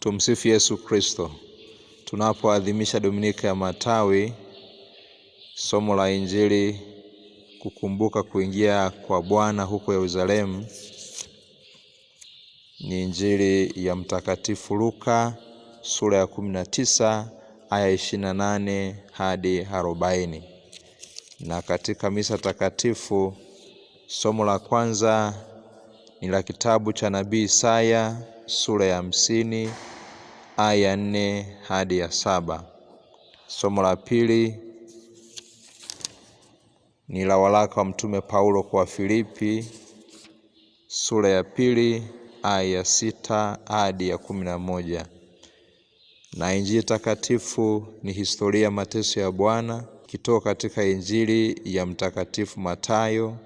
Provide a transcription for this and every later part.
Tumsifu Yesu Kristo. Tunapoadhimisha Dominika ya Matawi, somo la Injili, kukumbuka kuingia kwa Bwana huko Yerusalemu, ni Injili ya Mtakatifu Luka sura ya kumi na tisa aya ishirini na nane hadi arobaini. Na katika misa takatifu, somo la kwanza ni la kitabu cha nabii Isaya sura ya hamsini aya ya nne hadi ya saba. Somo la pili ni la waraka wa Mtume Paulo kwa Filipi sura ya pili aya ya sita hadi ya kumi na moja. Na Injili takatifu ni historia ya mateso ya Bwana kitoka katika Injili ya Mtakatifu Matayo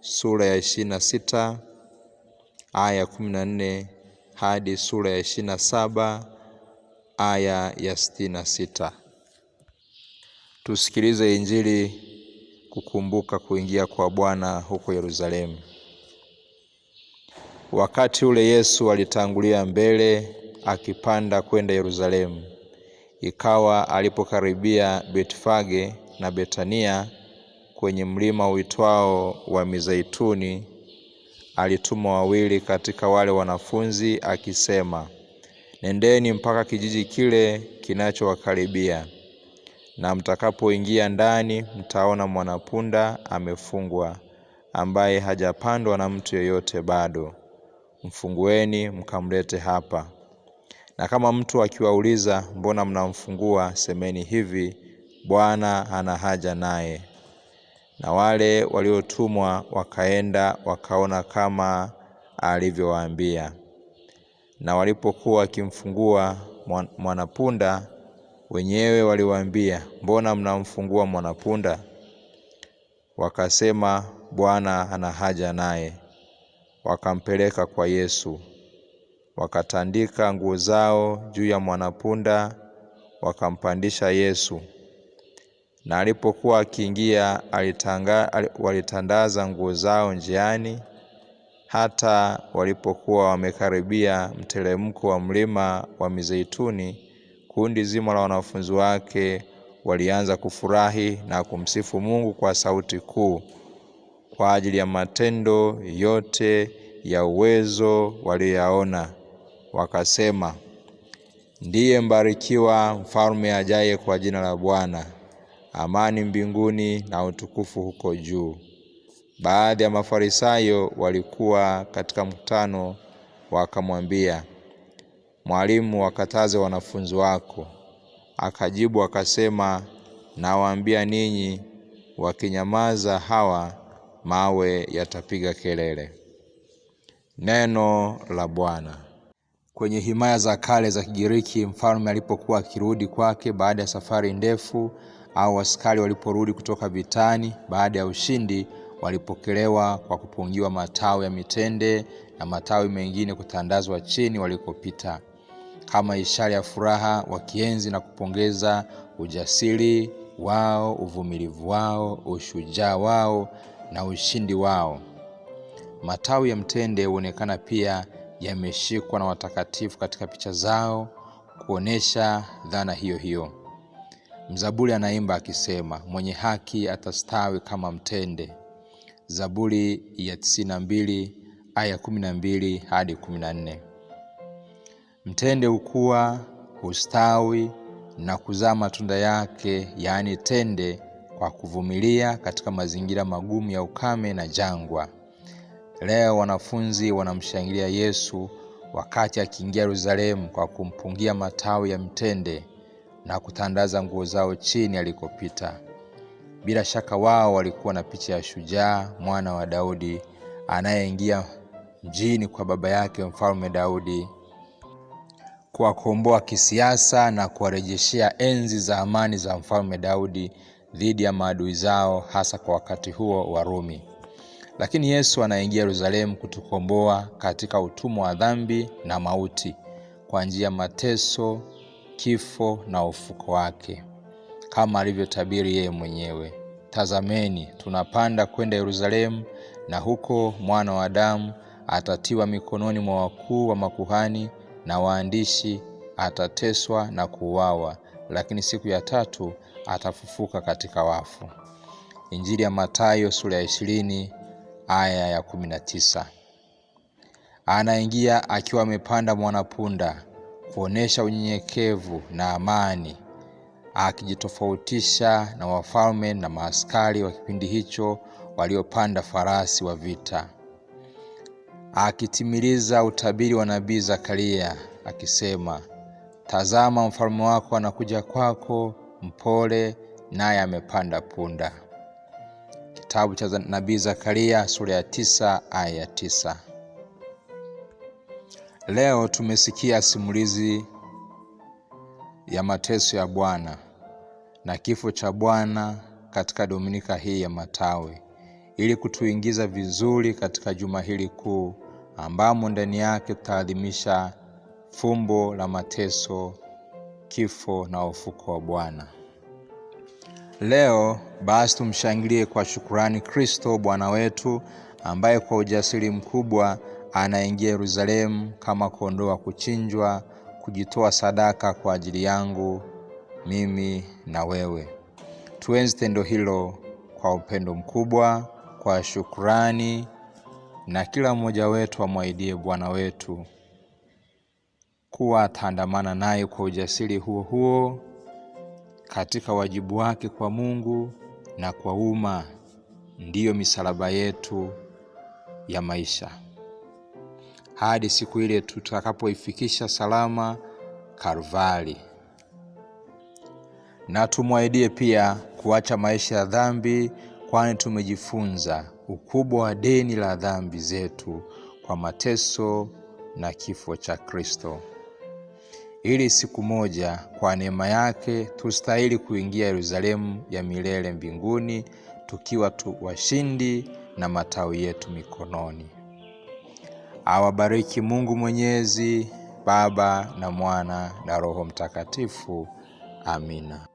sura ya ishirini na sita aya ya kumi na nne hadi sura ya ishirini na saba aya ya sitini na sita. Tusikilize Injili kukumbuka kuingia kwa Bwana huko Yerusalemu. Wakati ule Yesu alitangulia mbele akipanda kwenda Yerusalemu. Ikawa alipokaribia Betfage na Betania kwenye mlima uitwao wa Mizeituni, alituma wawili katika wale wanafunzi akisema, Nendeni mpaka kijiji kile kinachowakaribia, na mtakapoingia ndani mtaona mwanapunda amefungwa, ambaye hajapandwa na mtu yeyote bado. Mfungueni mkamlete hapa. Na kama mtu akiwauliza, mbona mnamfungua? Semeni hivi, Bwana ana haja naye. Na wale waliotumwa wakaenda, wakaona kama alivyowaambia. Na walipokuwa wakimfungua mwanapunda, wenyewe waliwaambia, mbona mnamfungua mwanapunda? Wakasema, Bwana ana haja naye. Wakampeleka kwa Yesu. Wakatandika nguo zao juu ya mwanapunda, wakampandisha Yesu. Na alipokuwa akiingia, walitandaza nguo zao njiani, hata walipokuwa wamekaribia mteremko wa mlima wa Mizeituni, kundi zima la wanafunzi wake walianza kufurahi na kumsifu Mungu kwa sauti kuu kwa ajili ya matendo yote ya uwezo walioyaona, wakasema, ndiye mbarikiwa mfalme ajaye kwa jina la Bwana, amani mbinguni na utukufu huko juu. Baadhi ya Mafarisayo walikuwa katika mkutano, wakamwambia, Mwalimu, wakataze wanafunzi wako. Akajibu akasema, nawaambia ninyi, wakinyamaza hawa mawe yatapiga kelele. Neno la Bwana. Kwenye himaya za kale za Kigiriki, mfalme alipokuwa akirudi kwake baada ya safari ndefu, au askari waliporudi kutoka vitani baada ya ushindi walipokelewa kwa kupungiwa matawi ya mitende na matawi mengine kutandazwa chini walikopita, kama ishara ya furaha, wakienzi na kupongeza ujasiri wao, uvumilivu wao, ushujaa wao na ushindi wao. Matawi ya mtende huonekana pia yameshikwa na watakatifu katika picha zao kuonesha dhana hiyo hiyo. Mzaburi anaimba akisema, mwenye haki atastawi kama mtende, Zaburi ya tisini na mbili aya kumi na mbili hadi kumi na nne. Mtende hukua, hustawi na kuzaa matunda yake, yaani tende, kwa kuvumilia katika mazingira magumu ya ukame na jangwa. Leo wanafunzi wanamshangilia Yesu wakati akiingia Yerusalemu kwa kumpungia matawi ya mtende na kutandaza nguo zao chini alikopita. Bila shaka wao walikuwa na picha ya shujaa mwana wa Daudi anayeingia mjini kwa baba yake Mfalme Daudi kuwakomboa kisiasa na kuwarejeshea enzi za amani za Mfalme Daudi dhidi ya maadui zao, hasa kwa wakati huo wa rumi Lakini Yesu anaingia Yerusalemu kutukomboa katika utumwa wa dhambi na mauti kwa njia ya mateso, kifo na ufuko wake kama alivyotabiri yeye mwenyewe, tazameni, tunapanda kwenda Yerusalemu, na huko mwana wa Adamu atatiwa mikononi mwa wakuu wa makuhani na waandishi, atateswa na kuuawa, lakini siku ya tatu atafufuka katika wafu. Injili ya Mathayo sura ya ishirini aya ya kumi na tisa. Anaingia akiwa amepanda mwanapunda kuonesha unyenyekevu na amani akijitofautisha na wafalme na maaskari wa kipindi hicho waliopanda farasi wa vita, akitimiliza utabiri wa nabii Zakaria akisema, tazama mfalme wako anakuja kwako mpole, naye amepanda punda. Kitabu cha nabii Zakaria sura ya tisa aya ya tisa. Leo tumesikia simulizi ya mateso ya Bwana na kifo cha Bwana katika Dominika hii ya matawi ili kutuingiza vizuri katika juma hili kuu ambamo ndani yake tutaadhimisha fumbo la mateso, kifo na ufuko wa Bwana. Leo basi tumshangilie kwa shukurani Kristo Bwana wetu ambaye kwa ujasiri mkubwa anaingia Yerusalemu kama kondoo wa kuchinjwa kujitoa sadaka kwa ajili yangu mimi na wewe. Tuenzi tendo hilo kwa upendo mkubwa, kwa shukrani, na kila mmoja wetu amwaidie Bwana wetu kuwa ataandamana naye kwa ujasiri huo huo katika wajibu wake kwa Mungu na kwa umma. Ndiyo misalaba yetu ya maisha hadi siku ile tutakapoifikisha salama Kalvari. Na tumwaidie pia kuacha maisha ya dhambi, kwani tumejifunza ukubwa wa deni la dhambi zetu kwa mateso na kifo cha Kristo, ili siku moja kwa neema yake tustahili kuingia Yerusalemu ya milele mbinguni, tukiwa tu washindi na matawi yetu mikononi. Awabariki Mungu Mwenyezi, Baba na Mwana na Roho Mtakatifu. Amina.